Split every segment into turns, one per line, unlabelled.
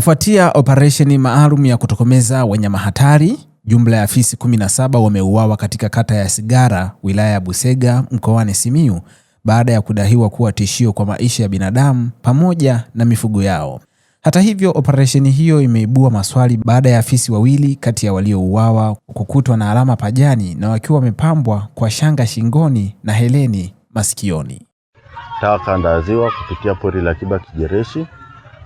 Kufuatia operesheni maalum ya kutokomeza wanyama hatari, jumla ya fisi 17 wameuawa katika kata ya Sigara, wilaya ya Busega, mkoani Simiyu baada ya kudaiwa kuwa tishio kwa maisha ya binadamu pamoja na mifugo yao. Hata hivyo, operesheni hiyo imeibua maswali baada ya fisi wawili kati ya waliouawa kukutwa na alama pajani na wakiwa wamepambwa kwa shanga shingoni na heleni masikioni.
taka Kanda kupitia Pori la Akiba Kijereshi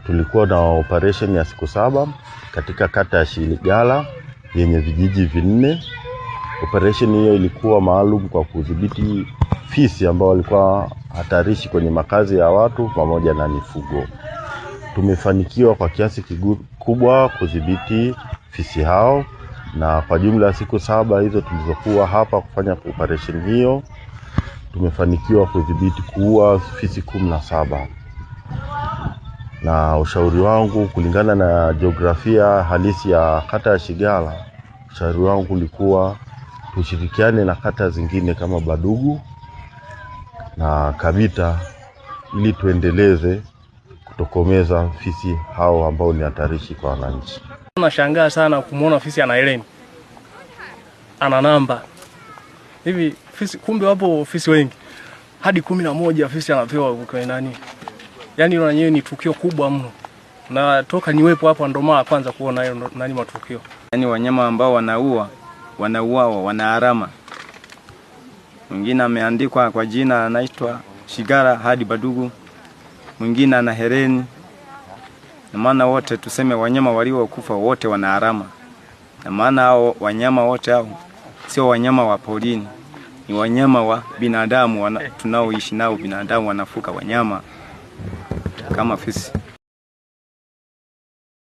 Tulikuwa na operation ya siku saba katika kata ya Shiligala yenye vijiji vinne. Operation hiyo ilikuwa maalum kwa kudhibiti fisi ambao walikuwa hatarishi kwenye makazi ya watu pamoja na mifugo. Tumefanikiwa kwa kiasi kikubwa kudhibiti fisi hao, na kwa jumla ya siku saba hizo tulizokuwa hapa kufanya operation hiyo tumefanikiwa kudhibiti kuua fisi kumi na saba na ushauri wangu kulingana na jiografia halisi ya kata ya Shigala, ushauri wangu ulikuwa tushirikiane na kata zingine kama Badugu na Kabita ili tuendeleze kutokomeza fisi hao ambao ni hatarishi kwa wananchi.
Nashangaa sana kumwona fisi ana heleni, ana namba hivi fisi, kumbe wapo fisi wengi hadi kumi na moja. Fisi anapewa kwa nani? yani hilo lenyewe ni tukio kubwa mno, na toka niwepo hapa ndo mara kwanza kuona hayo nani matukio.
Yani wanyama ambao wanaua wanauawa, wana harama Mwingine ameandikwa kwa jina, anaitwa Shigara hadi Badugu, mwingine ana hereni na maana wote tuseme wanyama waliokufa wote wana harama na maana hao wanyama wote hao sio wanyama wa porini, ni wanyama wa binadamu tunaoishi nao, binadamu wanafuka wanyama. cama fisi.